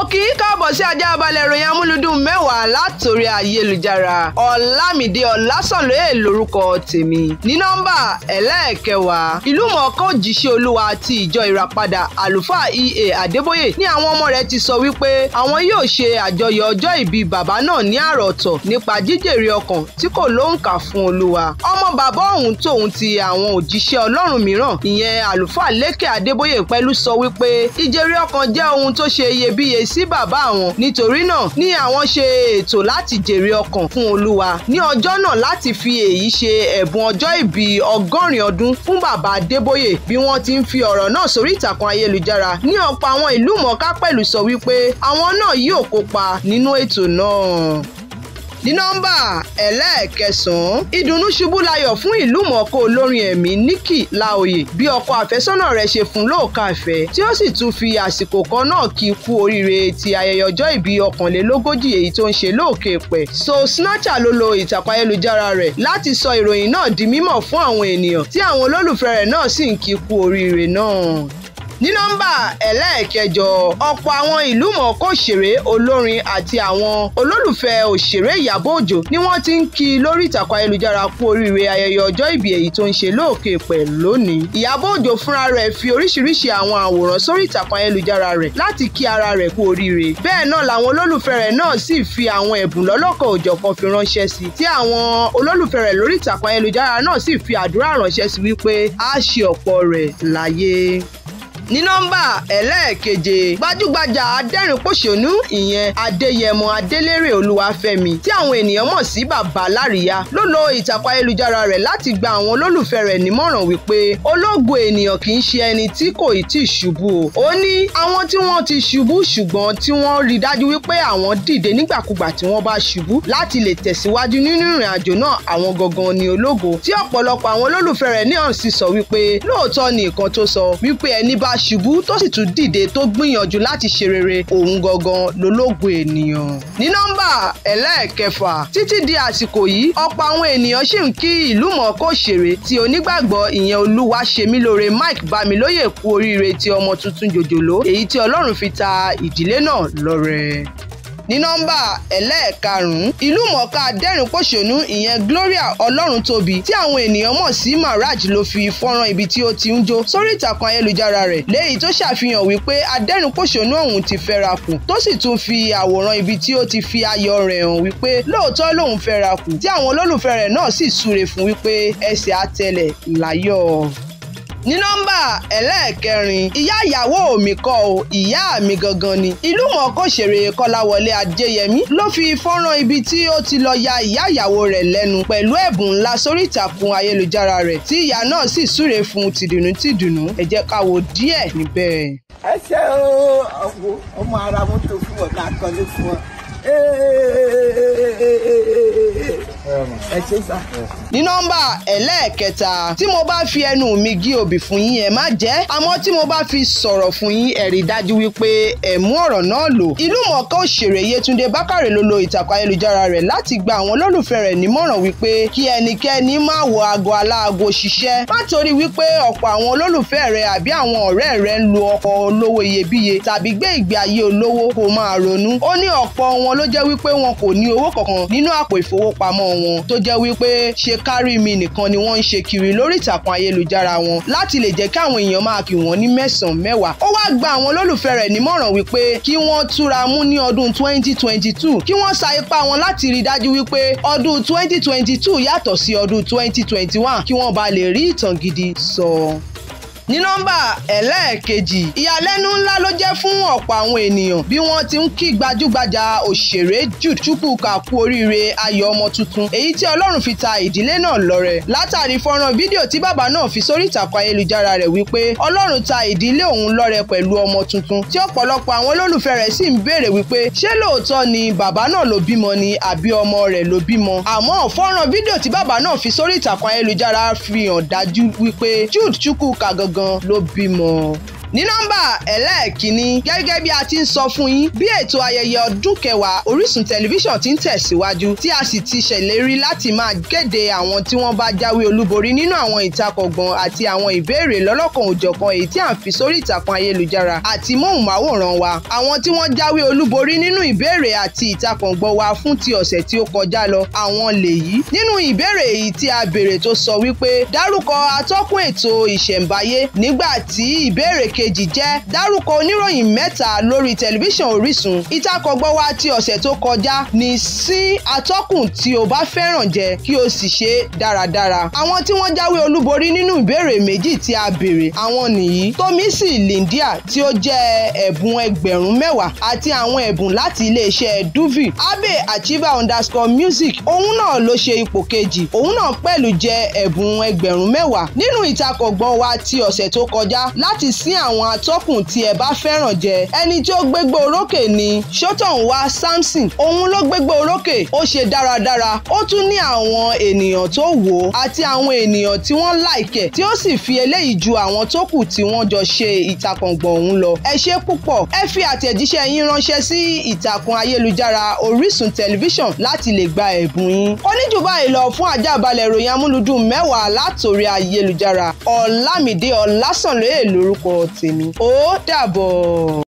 mo kì í káàbọ̀ sí ajá balẹ̀ ìròyìn amúlùdùn mẹ́wàá látòrí ayélujára ọ̀làmìdí ọ̀làsànlóye lórúkọ tèmi ní nọ́mbà ẹlẹ́ẹ̀kẹwàá ìlú mọ̀ọ́ká òjíṣẹ́ olúwa ti ìjọ ìràpadà àlùfáà ea adébóyè ní àwọn ọmọ rẹ̀ ti sọ wípé àwọn yóò ṣe àjọyọ̀ ọjọ́ ìbí bàbá náà ní àròtọ̀ nípa jíjèrè ọkàn tí kò lóǹkà fún olúwa ọmọ bàbá ọ̀hún tòun ti àwọn òjíṣẹ́ ọlọ́run mìíràn ìyẹn àlùfáà lékè adébóyè pẹ̀lú sọ wípé ìjèrè ọkàn jẹ́ ohun tó ṣe iyebíye sí bàbá àwọn nítorí náà ni àwọn ṣe ètò láti jèrè ọkàn fún olúwa ní ọjọ́ náà láti fi èyí ṣe ẹ̀bùn ọjọ́ ìbí ọgọ́rin ọdún fún bàbá Adébóyè bí wọ́n ti ń fi ọ̀rọ̀ náà sórí ìtàkùn ayélujára ní ọ̀pọ̀ àwọn ìlú mọ̀ọ́ká pẹ̀lú sọ wípé àwọn náà yóò kópa nínú ètò náà ní nọ́mbà ẹlẹ́ẹ̀kẹsàn-án ìdùnnú ṣubú layọ̀ fún ìlú mọ̀ọ́kọ olórin ẹ̀mí Nikki Laoye bí ọkọ àfẹ́sọ́nà rẹ̀ ṣe fún lóòka ìfẹ́ tí ó sì tún fi àsìkò kan náà kí kú oríire ti ayẹyẹ ọjọ́ ìbí ọkànlélógójì èyí tó ń ṣe lóòkè pẹ̀ so Snatcher ló lo ìtàkùn ayélujára rẹ̀ láti sọ ìròyìn náà di mímọ̀ fún àwọn ènìyàn tí àwọn olólùfẹ́ rẹ̀ náà sì ń kí kú oríire náà ní nọ́mbà ẹlẹ́ẹ̀kẹjọ ọ̀pọ̀ àwọn ìlú mọ̀ọ́ká òṣèré olórin àti àwọn olólùfẹ́ òṣèré Ìyábọ̀ Òjó ni wọ́n ti ń kí lórí ìtàkùn ayélujára kú oríire ayẹyẹ ọjọ́ ìbí èyí tó ń ṣe lóòkè pẹ̀ lónìí Ìyábọ̀ Òjó fúnra rẹ̀ fi oríṣiríṣi àwọn àwòrán sórí ìtàkùn ayélujára rẹ̀ láti kí ara rẹ̀ kú oríire bẹ́ẹ̀ náà làwọn olólùfẹ́ rẹ̀ náà sì fi àwọn ẹ̀bùn lọ́lọ́kọ̀ òjọ̀kan fi ránṣẹ́ sí tí àwọn olólùfẹ́ rẹ̀ lórí ìtàkùn ayélujára náà sì fi àdúrà ránṣẹ́ sí wípé á ṣe ọ̀pọ̀ rẹ̀ láyé ní nọ́mbà ẹlẹ́ẹ̀keje gbajúgbajà adẹ́rìnpòṣónú ìyẹn adéyẹmọ adélérè olúwafẹ́mi tí àwọn ènìyàn mọ̀ sí bàbá láríyá ló lo ìtàkùn ayélujára rẹ̀ láti gba àwọn olólùfẹ́ rẹ̀ nímọ̀ràn wípé ológo ènìyàn kì í ṣe ẹni tí kò tí ì ṣubú o ó ní àwọn tí wọ́n ti ṣubú ṣùgbọ́n tí wọ́n rí dájú wípé àwọn dìde nígbàkúgbà tí wọ́n bá ṣubú láti lè tẹ̀síwájú nínú ìrìn àjò náà àwọn gangan ni ológo tí ọ̀pọ̀lọpọ̀ àwọn olólùfẹ́ rẹ̀ ní ọ̀hún sọ wípé lóòótọ́ ni nǹkan tó sọ wípé ẹni bá ṣubú tó sì tún dìde tó gbìyànjú láti ṣe rere òun gangan lológun ènìyàn. ní nọ́mbà ẹlẹ́ẹ̀kẹfà títí di àsìkò yìí ọ̀pọ̀ àwọn ènìyàn ṣì ń kí ìlú mọ̀ọ́ká òṣèré tí onígbàgbọ́ ìyẹn Olúwaṣemílóore Mike Bámilóyè kú oríire ti ọmọ tuntun jòjòló èyí tí Ọlọ́run fi ta ìdílé náà lọ́rẹ ní nọ́mbà ẹlẹ́ẹ̀karùn-ún ìlúmọ̀ọ́ká dẹ́rìn-pọ̀ṣónú ìyẹn Gloria Ọlọ́runtóbi tí àwọn ènìyàn mọ̀ sí Maraj ló fi fọ́nrán ibi tí ó ti ń jó sórí ìtàkùn ayélujára rẹ̀ léyìí tó ṣàfihàn wípé adẹ́rìn-pọ̀ṣónú ọ̀hún ti fẹ́ra kù tó sì tún fi àwòrán ibi tí ó ti fi ayọ̀ rẹ̀ hàn wípé lóòótọ́ lòun fẹ́ra kù tí àwọn olólùfẹ́ rẹ̀ náà sì súre fún wípé ẹsẹ̀ àtẹlẹ̀ láyọ̀ ní nọ́mbà ẹlẹ́ẹ̀kẹrin ìyá ìyàwó mi kọ́ o ìyá mi gangan ni ìlú mọ̀ọ́kọ́ṣeré kọ́láwọlé adéyẹmí ló fi fọ́nrán ibi tí ó ti lọ ya ìyá ìyàwó rẹ̀ lẹ́nu pẹ̀lú ẹ̀bùn ńlá sórí ìtàkùn ayélujára rẹ̀ tí ìyá náà sì súre fún tìdùnnú tìdùnnú ẹ jẹ́ ká wo díẹ̀ níbẹ̀. ẹ ṣe ọmọ ara mọ́tò fún ọ̀tá kan ló fún ọ ẹ ṣe sá. ní nọ́mbà ẹlẹ́ẹ̀kẹta tí mo bá fi ẹnu mi gí obì fún yín ẹ má jẹ́ àmọ́ tí mo bá fi sọ̀rọ̀ fún yín ẹ rí dájú wípé ẹ mú ọ̀rọ̀ náà lò. ìlú mọ̀ọ́ká òṣèré Yétúndé Bákàrè ló lo ìtàkùn ayélujára rẹ̀ láti gba àwọn olólùfẹ́ rẹ̀ nímọ̀ràn wípé kí ẹnikẹ́ni má wọ aago aláago ṣiṣẹ́ má torí wípé ọ̀pọ̀ àwọn olólùfẹ́ rẹ̀ àbí àwọn ọ̀rẹ́ rẹ̀ ń lo ọkọ̀ olówó iyebíye tàbí gbé ìgbé ayé olówó kó máa ronú. ó ní ọ̀pọ̀ wọn ló jẹ́ wípé wọn kò ní owó kankan nínú àpò ìfowópamọ́ wọn tó jẹ́ wípé ṣe kárí mi nìkan ni wọ́n ń ṣe kiri lórí ìtàkùn ayélujára wọn láti lè jẹ́ kí àwọn èèyàn máa pè wọ́n ní mẹ́sàn-án mẹ́wàá ó wá gba àwọn olólùfẹ́ rẹ̀ nímọ̀ràn wípé kí wọ́n túra mú ní ọdún 2022 kí wọ́n sa ipá wọn láti rí dájú wípé ọdún 2022 yàtọ̀ sí ọdún 2021 kí wọ́n ba lè rí ìtàn gidi sọ. So ní nọ́mbà ẹlẹ́ẹ̀kejì ìyàlẹ́nu ńlá ló jẹ́ fún ọ̀pọ̀ àwọn ènìyàn bí wọ́n ti ń kí gbajúgbajà òṣèré Jude Chukwuka kú oríire ayọ̀ ọmọ tuntun èyí tí Ọlọ́run fi ta ìdílé náà lọ́rẹ látàrí fọ́nrán fídíò tí bàbá náà fi sórí ìtàkùn ayélujára rẹ̀ wípé Ọlọ́run ta ìdílé òun lọ́rẹ pẹ̀lú ọmọ tuntun tí ọ̀pọ̀lọpọ̀ àwọn olólùfẹ́ rẹ̀ sì ń béèrè wípé ṣé lóòótọ́ ni bàbá náà ló bímọ ni àbí ọmọ rẹ̀ ló bímọ àmọ́ fọ́nrán fídíò tí bàbá náà fi sórí ìtàkùn ayélujára fi hàn dájú wípé Jude Chukwuka gangan gan ló bímọ ní nọ́mbà ẹlẹ́ẹ̀kínní gẹ́gẹ́ bí a ti ń sọ fún yín bí ètò ayẹyẹ ọdún kẹwàá Orísun tẹlifíṣàn ti ń tẹ̀síwájú tí a sì ti ṣèlérí láti máa kéde àwọn tí wọ́n bá jáwé olúborí nínú àwọn ìtakọ̀gbọ̀n àti àwọn ìbéèrè lọ́lọ́kan òjọ̀kan èyí tí à ń fi sórí ìtàkùn ayélujára àti móhùnmáwòrán wa àwọn tí wọ́n jáwé olúborí nínú ìbéèrè àti ìtakọ̀gbọ̀n wa fún ti ọ̀sẹ̀ tí ó kọjá lọ àwọn lèyí nínú ìbéèrè èyí tí a béèrè tó sọ wípé k kejì jẹ́ dárúkọ oníròyìn mẹ́ta lórí tẹlifíṣàn Orísun ìtakọ̀gbọ́ wa ti ọ̀sẹ̀ tó kọjá ní sí atọ́kùn tí o bá fẹ́ràn jẹ kí o sì ṣe dáradára àwọn tí wọ́n jáwé olúborí nínú ìbéèrè méjì tí a béèrè àwọn nìyí Tómísì Lindia tí ó jẹ́ ẹ̀bùn ẹgbẹ̀rún mẹ́wàá àti àwọn ẹ̀bùn láti iléeṣẹ́ duvi abe achieva underscore music òun náà ló ṣe ipò kejì òun náà pẹ̀lú jẹ ẹ̀bùn ẹgbẹ̀rún mẹ́wàá nínú ìtakọ̀gbọ́ wa ti ọ̀sẹ̀ tó kọjá láti sin àwọn àwọn atọ́kùn tí ẹ bá fẹ́ràn jẹ ẹni tí ó gbégbó orókè ni ṣótọ̀húnwá samson òun ló gbégbó orókè ó ṣe dáradára ó tún ní àwọn ènìyàn tó wò ó àti àwọn ènìyàn tí wọ́n láìkẹ̀ tí ó sì fi eléyìí ju àwọn tó kù tí wọ́n jọ ṣe ìtakọ̀ngbọ̀n òun lọ ẹ ṣe púpọ̀ ẹ fi àtẹ̀jíṣẹ́ yín ránṣẹ́ sí ìtàkùn ayélujára Orísun tẹlifíṣàn láti lè gba ẹ̀bùn yín kò ní jù báyìí lọ fún àjàbalẹ̀ ìròyìn amúlùdùn mẹ́wàá látòrí ayélujára Ọlámídé Ọlásànlóye lórúkọ tèmi ó dàbọ̀.